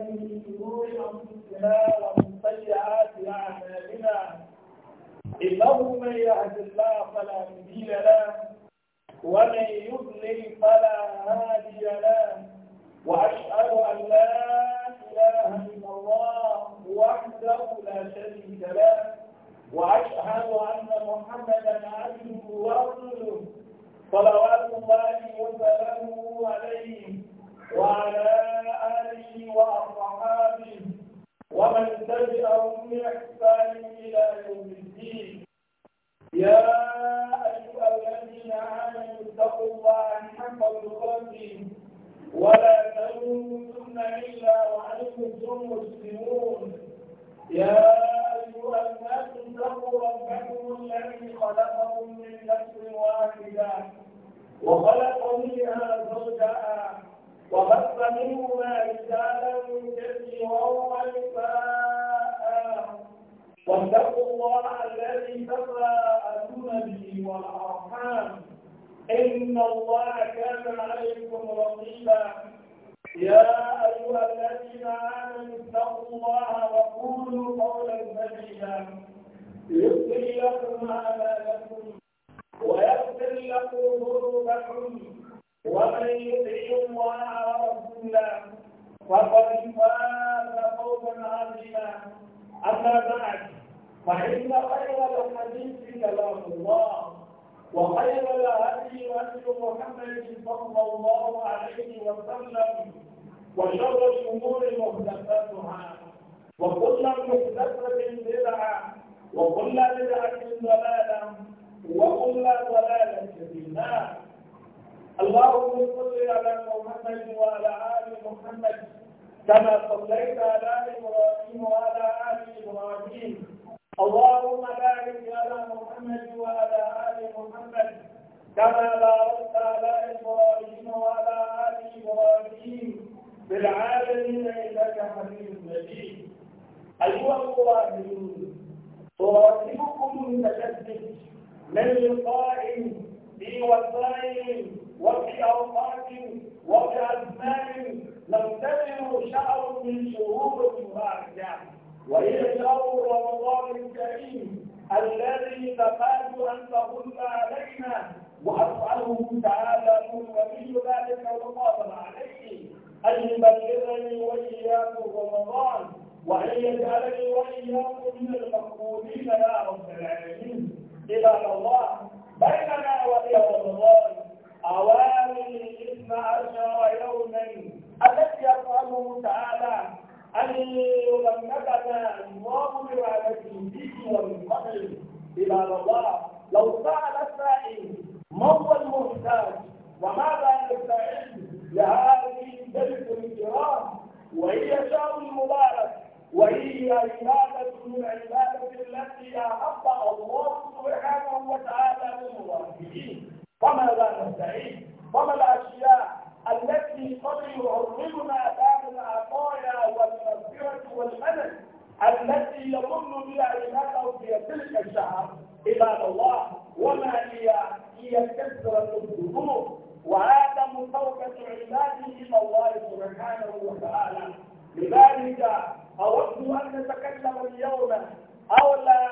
من سيئات أعمالنا إنه من يهد الله فلا مضل له ومن يضلل فلا هادي له وأشهد أن لا إله إلا الله وحده لا شريك له وأشهد أن محمدا عبده ورسوله صلوات الله وسلامه عليه وعلى آله وأصحابه ومن تبعهم بإحسان إلى يوم الدين يا أيها الذين آمنوا اتقوا الله حق تقاته ولا تموتن إلا وأنتم مسلمون يا أيها الناس اتقوا ربكم الذي خلقكم من نفس واحدة وخلق منها زوجها وبث منهما رجالا كثيرا ونساء واتقوا الله الذي تساءلون به والارحام ان الله كان عليكم رقيبا يا ايها الذين امنوا اتقوا الله وقولوا قولا سديدا يصلح لكم اعمالكم فقد فاز فوزا عظيما اما بعد فان خير الحديث كلام الله وخير الهدي هدي محمد صلى الله عليه وسلم وشر الامور محدثاتها وكل محدثه بدعه وكل بدعه ضلاله وكل ضلاله في النار اللهم صل على محمد وعلى ال محمد كما صليت على إبراهيم وعلى آل إبراهيم اللهم بارك على محمد وعلى آل محمد كما باركت على إبراهيم وعلى آل إبراهيم في العالمين إنك حميد مجيد أيها القائلون أراقبكم المتشدد من لقاء في وسائل وفي أوقات وفي أزمان نغتنم شهر من شهور المباركة وهي شهر رمضان الكريم الذي تكاد أن تقل علينا وأسأله تعالى من ولي ذلك وقادر عليه أن يبلغني وإياكم رمضان وأن يجعلني وإياكم من المقبولين يا رب العالمين عباد الله بيننا وبين رمضان أوامر عشر يوما التي أفعله تعالى أن يلمكنا الله برعبته به ومن قبل إلى الله لو سأل السائل ما هو المحتاج وماذا نستعين لهذه الجلسة الكرام وهي شهر مبارك وهي عبادة من عبادة التي أحب الله سبحانه وتعالى للموحدين فماذا نستعين وما الأشياء التي قد يعرضنا باب العطايا والمغفرة والمنن التي يظن بها عباده في تلك الشهر عباد الله وما هي هي كثرة الذنوب وعدم توبة عباده إلى الله سبحانه وتعالى لذلك أود أن نتكلم اليوم أولى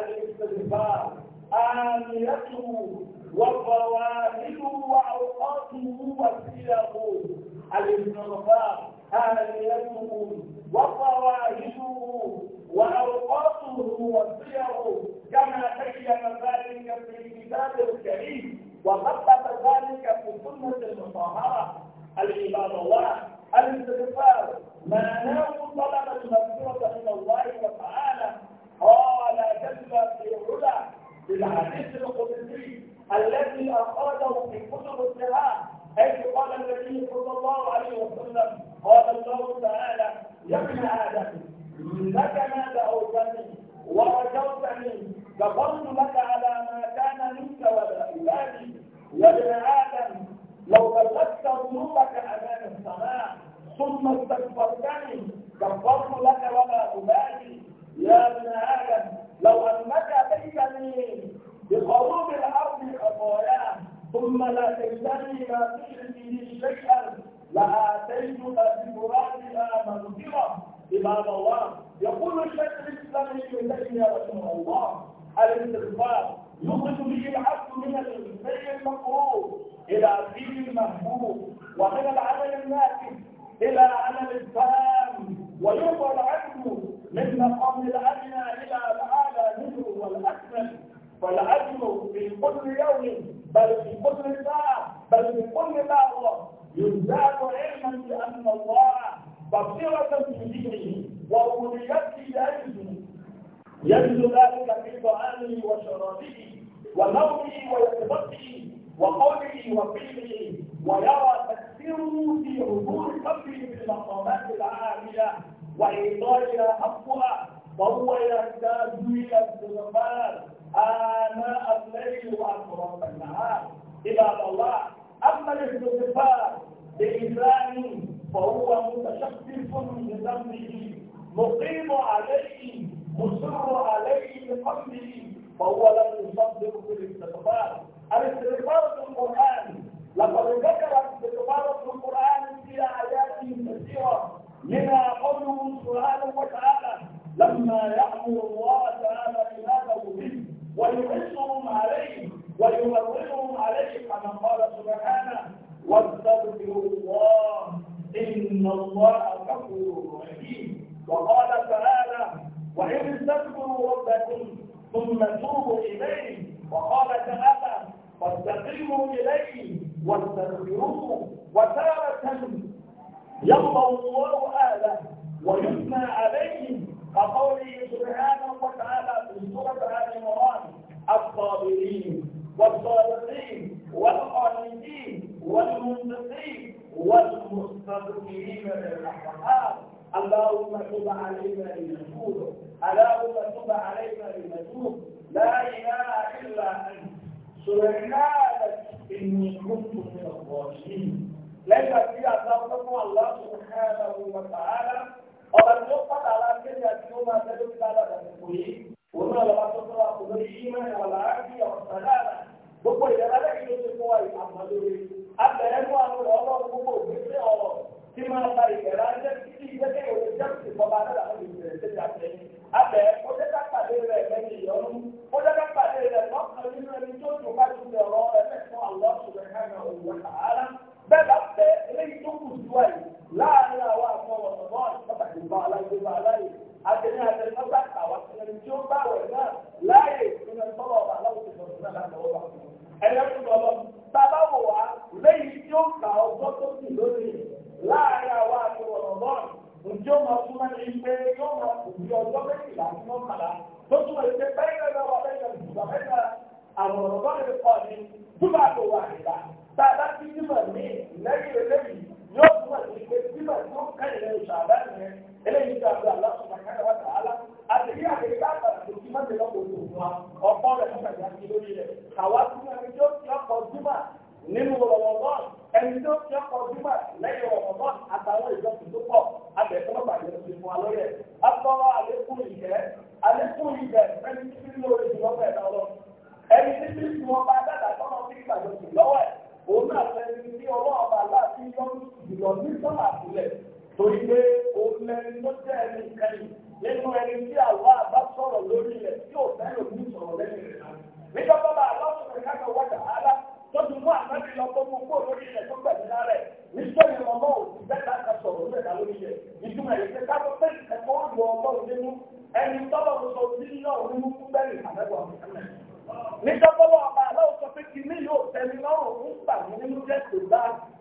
الاستغفار آمنته وفوائده وسيله الاستغفار آليته وفواهده وأوقاته وسيره كما بين ذلك في الكتاب الكريم وخطط ذلك في سنة المطهرة العباد الله الاستغفار معناه طلب المغفرة من الله تعالى قال جل في العلا في إلى علم الفهم ويقبل عنه من مقام الأدنى إلى الأعلى منه والأكمل فالعدل في كل يوم بل في كل ساعة بل في كل لحظة يزداد علما بأن الله بصيرة في دينه وأولويته يجزم يجزم وإيطائها حقها فهو يحتاج إلى استغفار آناء الليل وأطراف النهار عباد الله أما الاستغفار بإنسان فهو متشكف بذنبه مقيم عليه مصر عليه بقلبه فهو لم يصدق بالاستغفار الاستغفار في القرآن لقد ذكر استغفار في القرآن في آيات كثيرة منها قوله سبحانه وتعالى لما يأمر الله تعالى عباده به ويحثهم عليه ويمرهم عليه كما قال سبحانه واستغفروا الله إن الله غفور رحيم وقال تعالى وإن استغفروا ربكم ثم توبوا إليه وقال تعالى واستقيموا إليه واستغفروه وتارة يرضى الله من اللهم تب علينا لنتوب اللهم تب علينا لنتوب لا إله إلا أنت سبحانك إني كنت من الظالمين ليس فيها أذنكم الله سبحانه وتعالى وقد يقصد على كلمة يوم تدل على تقولين وما لما تصل أخذ الإيمان على والسلامة gbogbo ìdára lẹ́yìn يوسف ti mú wa ìpàmọ́ lórí الله mú àwọn tí máa ba ìgbẹ̀rẹ̀ ajẹ́ títí ìgbẹ́kẹ̀ òye jẹ́kùtì bọ́ba náà làwọn ìgbẹ̀rẹ̀ ṣe ti àtẹ̀yìn. Abẹ́ ó jẹ́ ká pàdé rẹ̀ lẹ́yìn ìyọnu. Ó jẹ́ ká pàdé rẹ̀ lọ́kàn nínú ẹni tó dùn bá ti bẹ̀ ọ̀rọ̀ ẹ̀fẹ̀ fún àwọn ọ̀ṣùnrin kan náà òwò àárá. Bẹ́ẹ̀ bá pé eléyìí tó kù sí wáyé láàárín àwọn àwọn ọ̀sán náà pàtàkì bá aláìgbé bá aláìgbé. Àtẹ̀yìn tó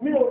mí ò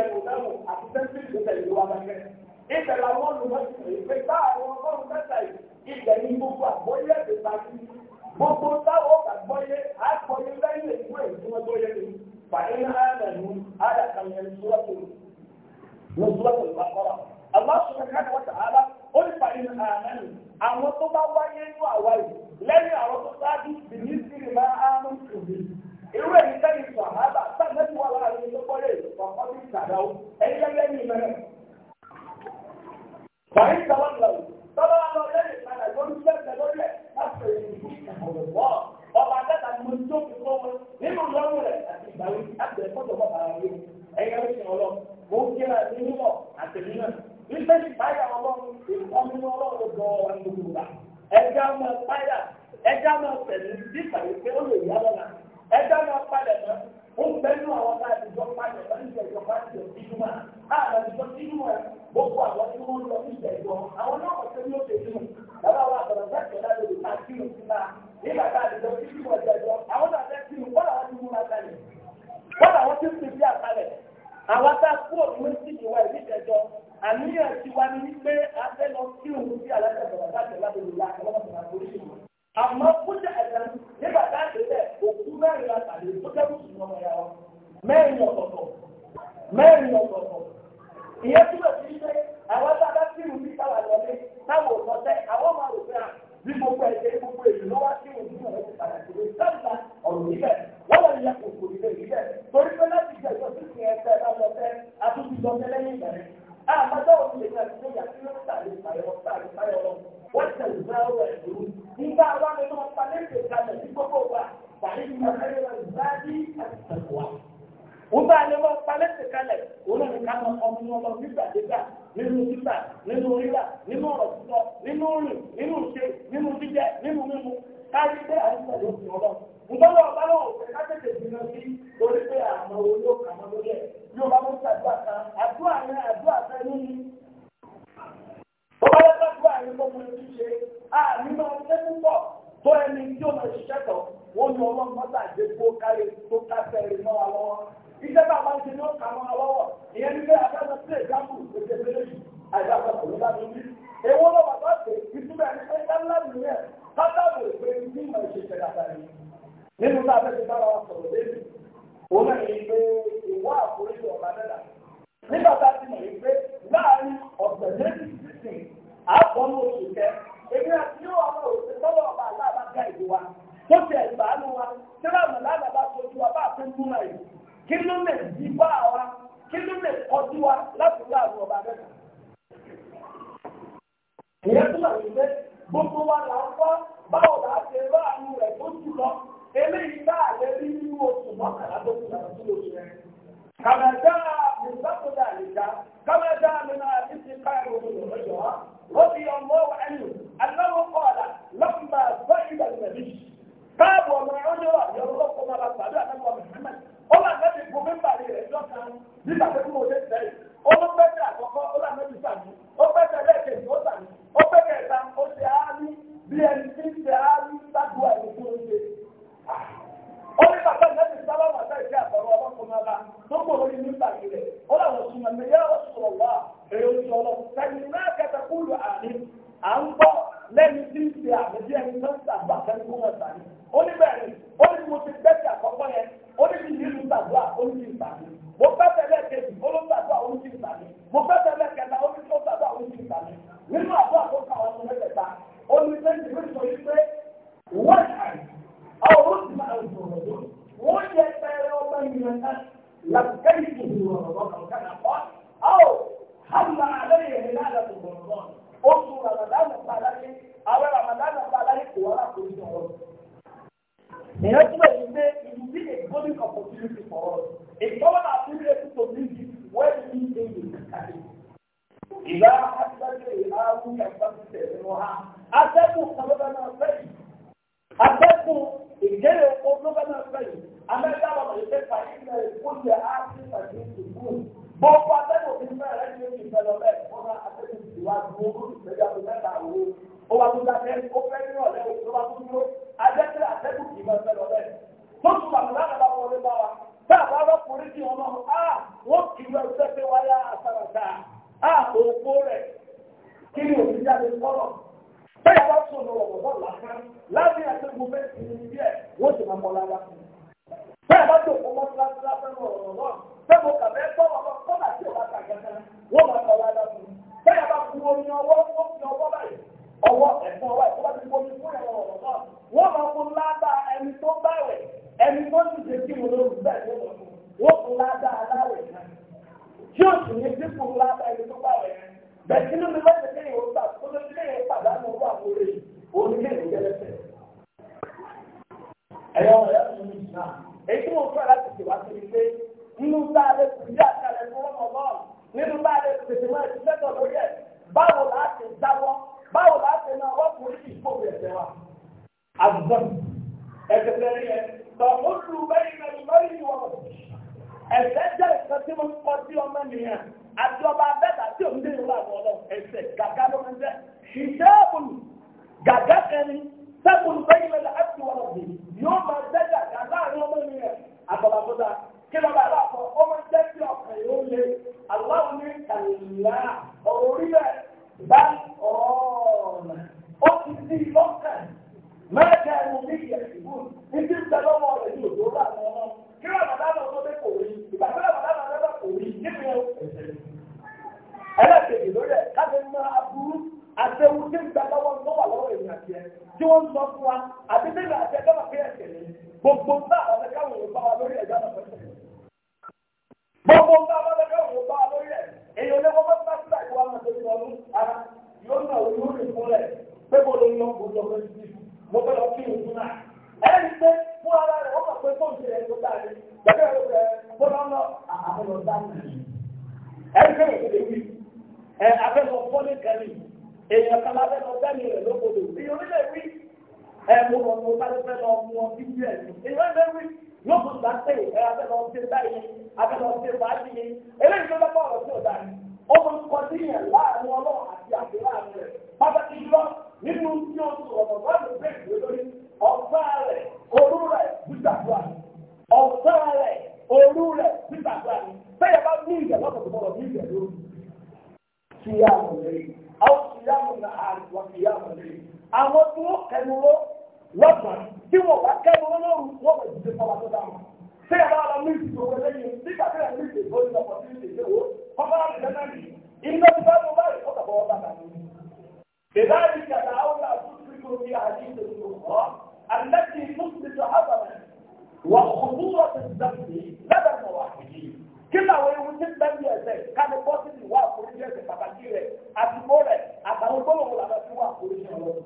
ẹnu lẹ́wọ̀n àti sẹ́ńtì ìgbésẹ̀ ìlú wa lẹ́gbẹ́. ibẹ̀ làwọn olùmọ̀sí ìgbé bá àwọn ọlọ́run mẹ́ta ibẹ̀ irú ẹni sẹ́yìn sàhábà sàmẹ́tì wà lára ẹni tó kọ́lé ọ̀pọ̀ ní ìsàdáwó ẹni lẹ́yìn ẹni mẹ́rẹ̀. Bàrí sábà lọ tọ́lá lọ lẹ́yìn ìpadà lórí sẹ́sẹ̀ lórí ẹ̀ láti ọ̀rọ̀ ọba àtẹ́ta ni mo tó fi kọ́ wọn nínú lọ́wọ́ rẹ̀ àti ìgbàwé àti ẹ̀fọ́tò bọ́ bàrà yìí ẹ̀yẹ ń sìn mo kí ni gbogbo gbà ẹja máa báyà ẹja máa tẹ̀lé nígbà ẹjọ́ náà padà náà ó ń bẹ́ẹ̀ nú àwọn náà àtijọ́ padà náà ń jẹ̀jọ́ bá ń jẹ̀ bíjúmọ́ àà àtijọ́ bíjúmọ́ gbogbo àwọn tí wọ́n lọ sí ìjẹ̀jọ́ àwọn náà wọ́n ṣe ní òkè jùmọ̀ bàbá wa àgbàdo sẹ́kẹ̀ náà lè ta sínú síta nígbà tá àtijọ́ bíjúmọ́ jẹ̀jọ́ àwọn náà fẹ́ sínú bọ́lá wọn ti mú ma kalẹ̀ bọ́lá wọn ti fi bí àkalẹ̀ àwọn tá a kú òun ní sí ìwà ìdíjẹjọ àníyàn tiwa ni wípé abẹ́ lọ sí òun bí alájà bàbá sẹ́kẹ̀ lábẹ́ lò lá ní bá bára wa sọ̀rọ̀ lẹ́nu òun náà ní pé ìwà àforíjì ọ̀gá mẹ́ta nígbà tá a kejì lórí ẹ̀ káfí máa aburú àtẹwù tí ń gba lọ́wọ́ lọ́wọ́ èèyàn àti ẹ̀ tí wọ́n sọ fún wa àti nígbà àti ẹgbẹ́ wà pé ẹ̀sẹ̀ ni gbogbo ń bá káwọn èèyàn bá wa lórí ẹ̀dá lọ́sọ̀ gbogbo ń bá káwọn èèyàn bá wa lórí ẹ̀ èèyàn lé wọ́n bá bá sílà ìwà máa tó lọ ara yóò nà ó yóò rìn fúnlẹ̀ pé mo lè yan mo lọ fẹ́ sí mo pé fún ara rẹ̀ wọ́n mọ̀ pé tó ń ṣe ẹ̀ tó dáa ni gbẹ̀gbẹ̀ rẹ̀ mo lọ lọ àwọn ọ̀dà nìyí ẹ̀rí pé mo ti lè wí ẹ abẹ́lọ fọ́lẹ̀ kẹrì èèyàn kan abẹ́lọ dání rẹ̀ lókodò èèyàn mi lè wí ẹ mo lọ mo bá fẹ́ lọ mu ọ bí bí ẹ ní èèyàn lè wí yóò tún gbà pé ẹ abẹ́lọ ṣe báyìí abẹ́lọ ṣe fàájì ni eléyìí tó lọ́pọ̀ ọ̀rọ̀ tí ò dá ní ó mọ nǹkan tí yẹn láàrin ọlọ́run àti àti láàrin rẹ̀ pàtàkì lọ nínú tí ó sọ̀rọ̀ mọ̀ bá mi bẹ́ẹ̀ gbé lórí ọ̀gbá rẹ̀ orú rẹ̀ gbígbàdúrà ọ̀gbá rẹ̀ orú rẹ̀ gbígbàdúrà ni sẹ́yìn bá ní ìjẹ́ lọ́sọ̀tún síyáàmù lẹ́yìn àwọn síyáàmù láàrin wọn síyáàmù lẹ́yìn àwọn tí wọ́n kẹnu lọ lọ́gbà tí wọ́n bá kẹnu lọ lọ́rù wọ́n bẹ̀ jíjẹ fọwọ́ tó dáhùn. ṣé ẹ bá lọ ní ìdìbò wọn lẹ́yìn nígbà tí ẹ̀ ní ìdìbò ní ọkọ̀ tí ìdìbò wo kọ́kọ́ láti dáná ní iná tí bá lọ báyìí ó kàbọ̀ bàtà ní. bèbá yìí kàtà àwọn àtúntò ní àdìsẹ̀ ìlú kíkà àwọn ewu tí ń bẹ́ẹ̀ bí ẹ̀sẹ̀ káni bọ́sìlì wà àforíjì ẹ̀sẹ̀ pàtàkì rẹ̀ àtìmọ́ rẹ̀ àtàwọn gbọ́dọ̀ wà láti wà àforíjì ọ̀rọ̀.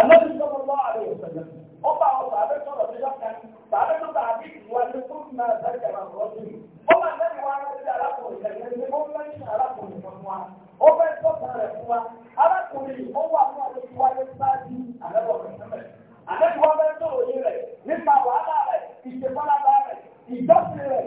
Àlọ́bí sọ́kọ̀ lọ́wọ́ àrẹ ìṣẹ̀lẹ̀. Ó bá àwọn bàbá sọ̀rọ̀ sí lọ́kàn. Bàbá tó bá àbí ìwà ní tó ń náà sáré jàmbá ọ̀rọ̀ sí. Ó máa lẹ́nu wa rẹ̀ sí arákùnrin ẹ̀yẹ ní ó fẹ́ ní arákùnrin fún wa. Ó fẹ́ tọ́ka rẹ̀ fún wa. Arákùnrin ó wà fún àwọn tí wáyé sáájú àlẹ́bọ̀ rẹ̀ sẹ́mẹ̀. Àlẹ́bí wa fẹ́ tó òye rẹ̀ nípa wàhálà rẹ̀, ìṣèpálábá rẹ̀, ìjọ́sìn rẹ̀,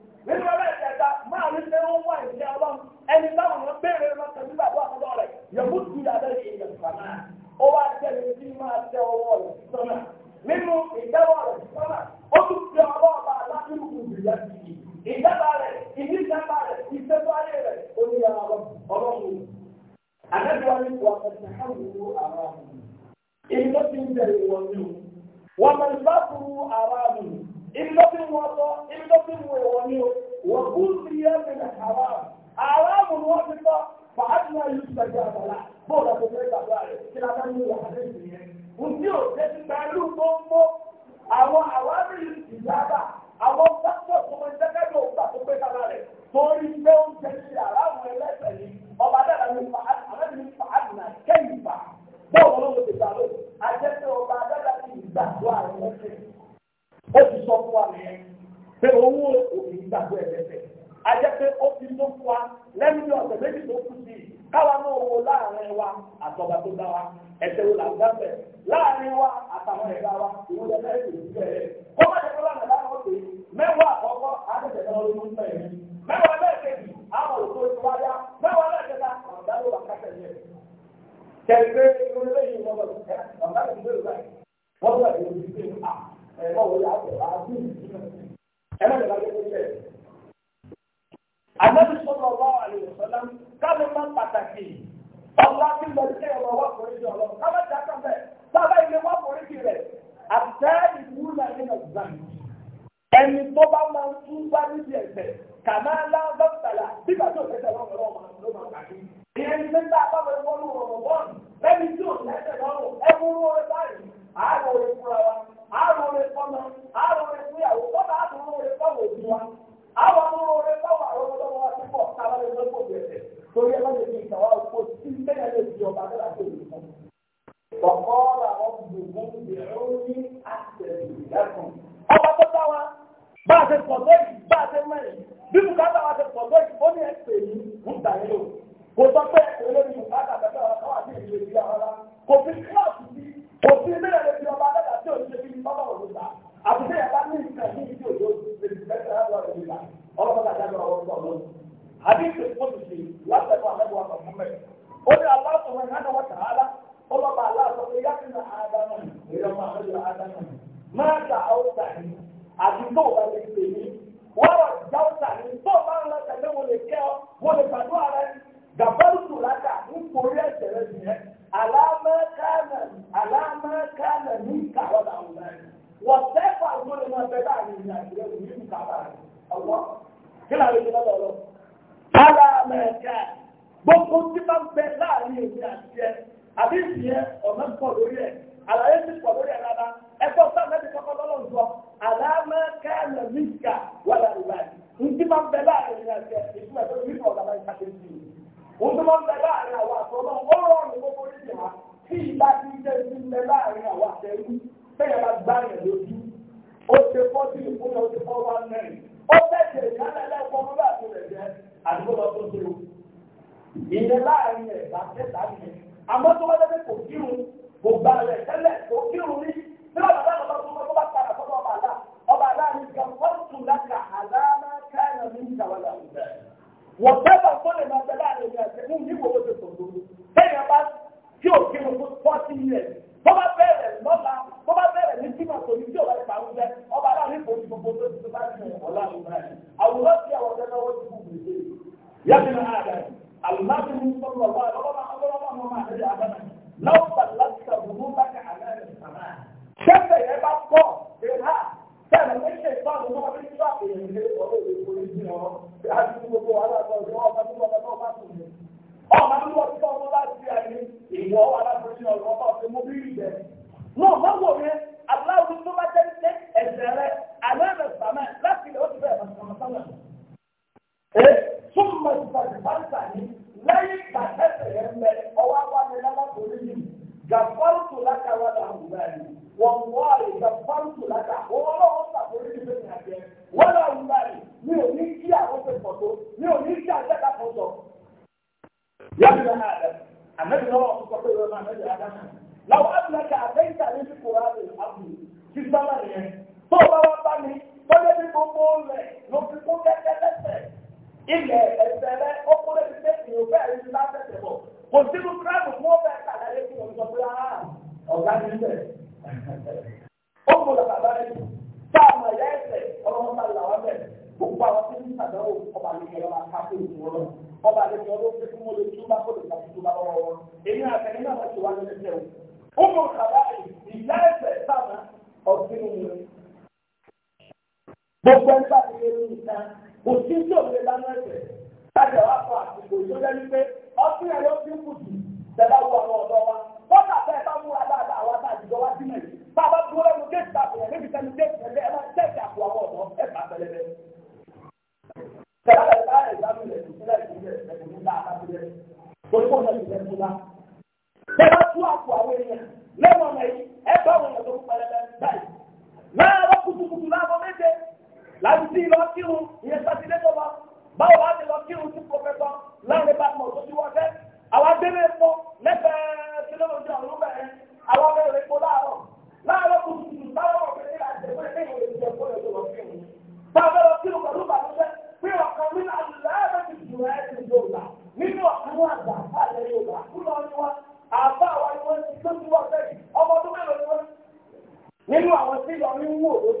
nínú ọlọ́ ìjẹta máa ní pé ó wà ìdí ọlọ́run ẹni táwọn èèyàn béèrè lọ tẹ̀lé bàbá àkọ́kọ́ rẹ̀ yẹ̀mú tu abẹ́rẹ́ ìyẹn fàmà ó wá jẹ́ ní tí máa tẹ ọwọ́ rẹ̀ sọ́nà nínú ìjẹ́wọ́ Ànábì sallallahu alaihi wasallam káwọn máa pàtàkì ọlá tí lọ sí ẹ̀rọ wà foríjì ọlọ́run káwọn ti àkàn bẹ́ẹ̀ sábà ilé wà foríjì rẹ̀ àtẹ́ ìlú làyé nà zan. Ẹni tó bá máa ń tún bá níbi ẹ̀sẹ̀ kàmá ńlá dọ́kítàlà bíbá tó fẹsẹ̀ lọ́wọ́ lọ́wọ́ ló máa kàkí. Ìyẹn ní sẹ́ńtà àbáwọ̀ ẹ̀fọ́ ló rọ̀rọ̀ wọ́n lẹ́ni tí ò lẹ́sẹ̀ lọ́rùn ẹ لو gbogbo ẹgbẹ́ àti ẹni ìta kò sí tí lè dáná ẹsẹ̀ láti ẹ̀wá fún àsìkò tó jẹ́ ọtí ló fi ń kùtù ọmọ wa bá dáadáa àwọn wa sí bá a bá níbi ẹ máa bá láàárọ̀ kùtùkùtù láàbọ̀ méje láti sí lọ kírun ìyẹn sátidé tó lọ báwo wá ti lọ kírun sí pọfẹtọ láàrin bá mọ̀ tó ti wọ́n fẹ́ àwọn abẹ́rẹ́ epo lẹ́fẹ̀ẹ́ kílódé ọ̀rọ̀ bẹ̀rẹ̀ àwọn abẹ́rẹ́ epo láàárọ̀ láàárọ̀ kùtùkùtù láàárọ̀ ọ̀fẹ́ incomodou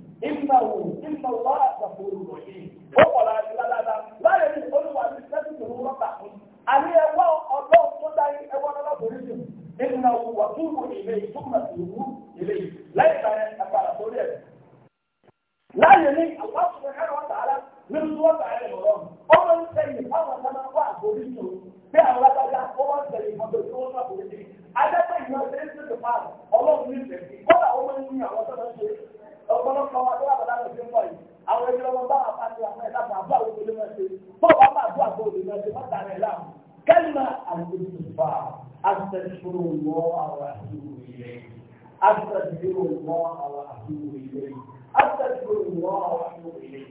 ìnáwó ìnáwó àgbàfóró rọ̀yìn ó kọ̀lá ọ̀pọ̀lọpọ̀ àwọn ẹgbẹ́ ọmọ bá wà pàṣẹ àwọn ẹ̀dá kan àbúrò àwọn olè máa ṣe bọ́ọ̀ bá bá àbúrò àwọn olè máa ṣe má láàmú kẹ́lìmà àlùkùnfà àtẹ̀sùrù wọ́ àwọn àtúwò ilẹ̀ àtẹ̀sùrù wọ́ àwọn àtúwò ilẹ̀ àtẹ̀sùrù wọ́ àwọn àtúwò ilẹ̀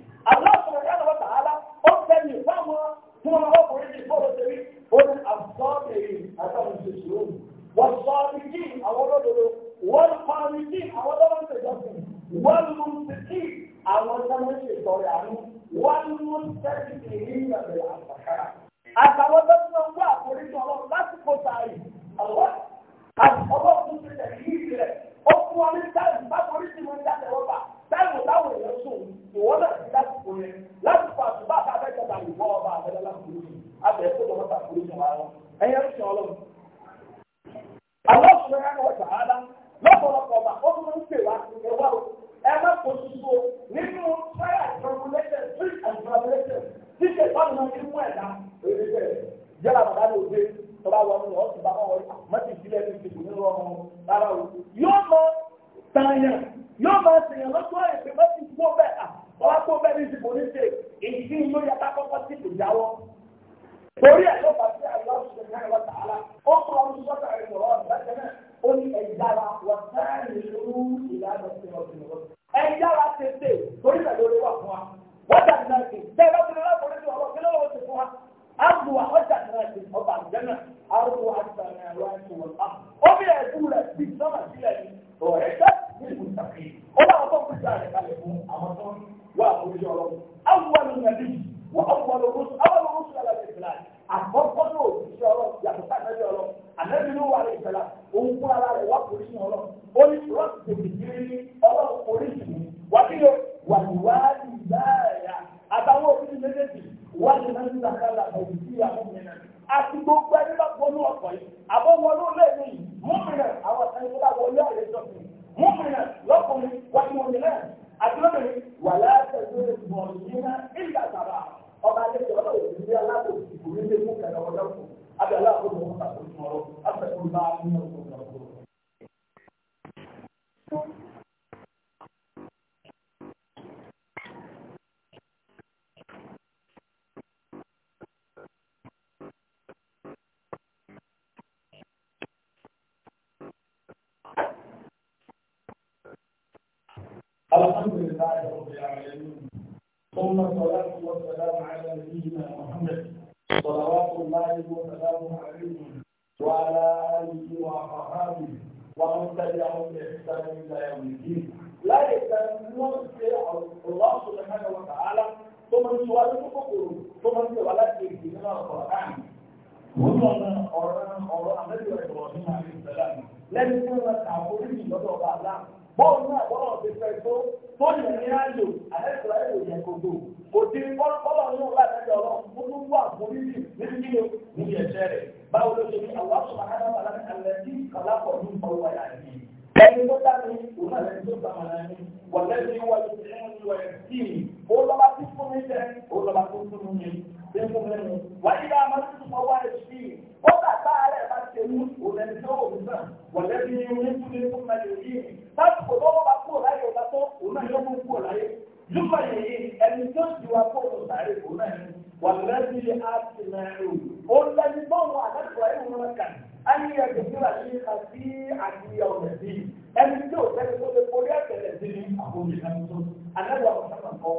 وأصحابه ومن تبعهم بإحسان إلى يوم الدين لا يتنون في الله سبحانه وتعالى ثم سؤال فقر ثم سؤال من القرآن Wọ́n ọ̀rọ̀ ọ̀rọ̀ àmẹ́lẹ̀ ìrọ̀lọ́dún àti ìṣẹ̀lá lẹ́nu tí wọ́n ta oríṣi lọ́dọ̀ ọba àlá. Bọ́ọ̀lù náà bọ́ọ̀lù ti fẹ́ tó tó yẹ ní àlò àlẹ́ ìṣẹ̀lá yóò yẹ gbogbo kò di kọ́lọ̀ nínú láìpẹ́jọ ọlọ́run gbogbo àforíjì nínú kílò níbi ẹ̀ṣẹ̀ rẹ̀ báwo ló ṣe ní àwọn àṣọ̀rọ̀ alábàlá alẹ́ tí kàlápọ̀ ní ọwọ́ ẹ̀yà yìí ẹni tó dá mi òun náà lẹ́ni tó gbà máa ní wọ̀lẹ́ni wọ̀lẹ́ni wọ̀lẹ́ni wọ̀lẹ́ni ó lọ́ba tí fún mi jẹ́ ó lọ́ba tó fún mi ṣe fún mi ni wáyé yá máa tún fún ọwọ́ sí i ó kà tá a rẹ̀ bá ṣe mú òlẹ́ni tó wò nígbà wọ̀lẹ́ni wọ̀lẹ́ni i láti kò júmọ̀ yìí ẹni tó ti wá kó o sáré kó náà ni wà lẹ́bi àti náírà o lẹ́ni bọ́ wọn àdàkọ̀ ẹ̀ wọn kà ẹni ẹ̀jẹ̀ tó wà ní àti àdìyàwó rẹ̀ sí ẹni tó sẹ́ni tó lè kórè ẹ̀tẹ̀lẹ̀ sí ní àkómi ẹni tó àdàkọ̀ àwọn ọ̀sán kọ́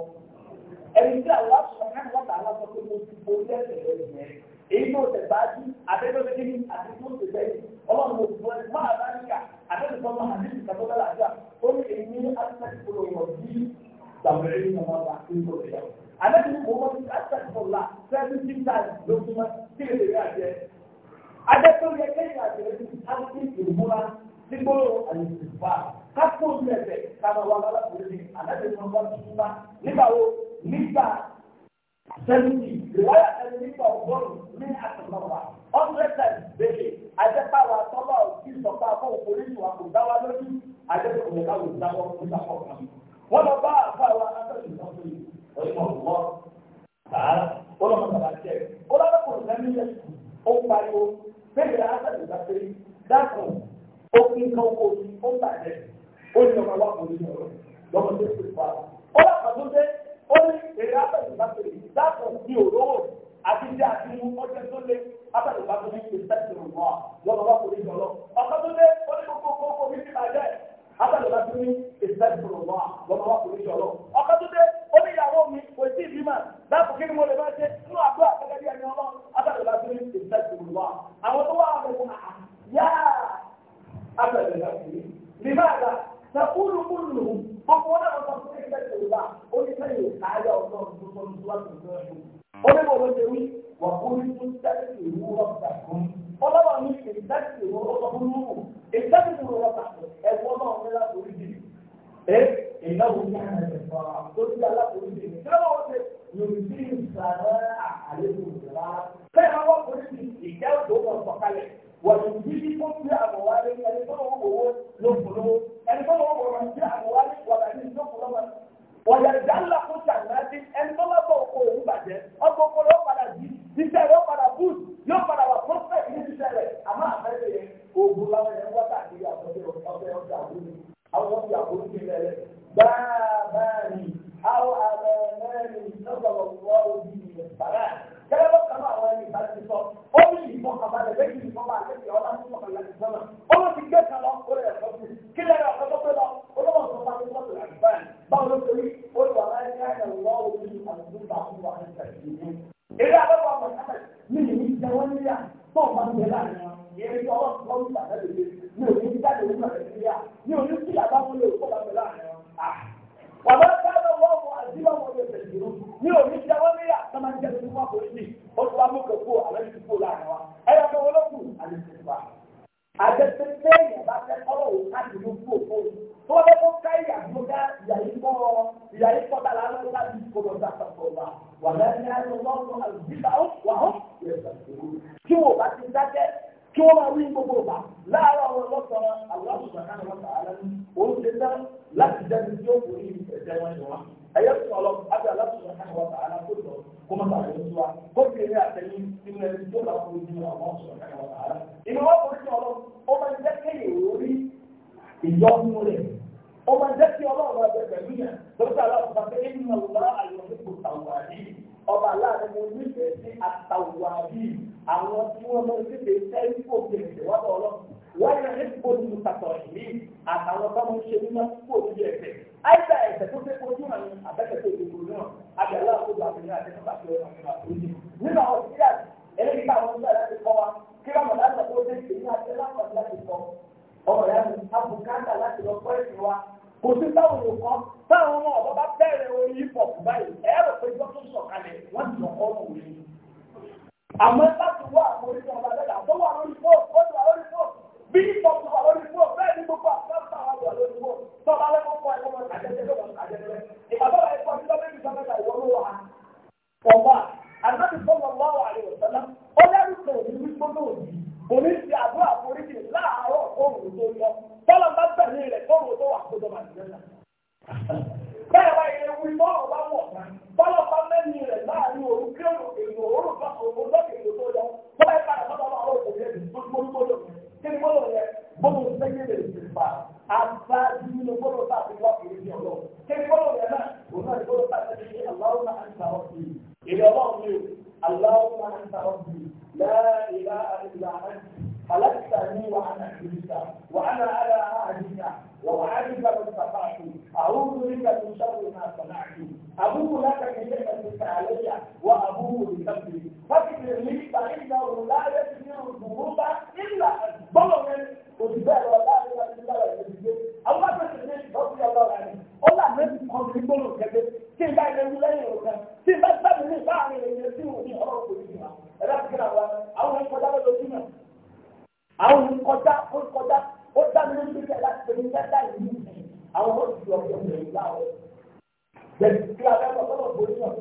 ẹni tí àwọn aṣọ náà wọ́n tà á lọ́sọ pé mo ti kórè ẹ̀tẹ̀lẹ̀ sí ẹ̀ èyí tó tẹ̀ báájú àtẹ́tọ́sẹ́kẹ́ni àti tó tẹ̀ bẹ́ẹ̀ ọlọ́run mo ti wọ́n ní máa bá níkà àtẹ́tọ́sọ́mọ́ àti ìtàkọ́tà làjà ó ní سبعين مرة في كل يوم أنا أقول هو أستغفر الله ثلاثين سنة لو ثم تيجي تراجع أنا أقول لك أنا أقول لك sígbóró àlùfáà kápò lẹ́sẹ̀ kára wà lọ́kùnrin àdájọ́ ìwọ̀n bá tún bá nígbà wo nígbà sẹ́yìnì ìwáyà ẹni nígbà ọgọ́rùn-ún ní àtọ̀nàwà ọ̀dẹ́sẹ̀ bèbè àjẹpáwà tọ́lọ̀ kí sọ̀pá fún òfurufú àkùdáwà lójú àjẹpọ̀ òmùdáwò ìdáwọ̀ nígbà kọ̀ọ̀kan wọ́n lọ bá àfa wa abẹ́rẹ́ ìdáwọ́ yìí ọ̀yẹ́ mọ̀ lọ́wọ́ tààrà ó lọ́mọ bàbá jẹ́ ó lọ́mọ kò lẹ́nu yẹ ó pariwo bẹ́ẹ̀ ni abẹ́rẹ́ ìdáwọ́ yìí dákun ó kí nǹkan oko yìí ó bàjẹ́ ó ní ọmọ wa kò ní ọ̀rọ̀ lọ́mọ tó ti fa ó lọ́mọ tó dé ó ní èrè abẹ́rẹ́ ìdáwọ́ yìí dákun ní òróró àti jẹ́ àtinú ọjọ́ tó lé abẹ́rẹ́ ìdáwọ́ yìí ti tẹ̀sí abẹ́lẹ̀ bá tún ní ìsẹ́gbùrù wà lọ́mọ wa kò ní sọ̀rọ̀ ọkọ tó dé ó ní ìyàwó mi kò sí ìbí mà dáàbò kí ni mo lè bá ṣe nínú àdúrà gẹ́gẹ́ bí ẹni ọlọ́ abẹ́lẹ̀ bá tún ní ìsẹ́gbùrù wà àwọn tó wà àbẹ̀wò yá abẹ́lẹ̀ bá tún ní bíbá àgbà sẹ́kúlù kúlù ọkọ̀ wọn náà lọ sọ fún ìsẹ́gbùrù wà ó ní sẹ́yìn amúkẹ́ kó àlejò kó láàrin wa ẹ̀yà kan wọlé kù àlejò wa. àjẹsẹ lẹ́yìn ẹ̀bá fẹ́ ọ̀rọ̀ wò láti ló kú òfò tó wọlé kó ká ìyà tó ká ìyà yìí kọ́ ìyà yìí kọ́ tà lálẹ́ kó láti kó lọ sí àtàkùn ọ̀la wà lẹ́yìn Bẹ́ẹ̀ni, kí a bẹ́ẹ̀ lọ sọ́dọ̀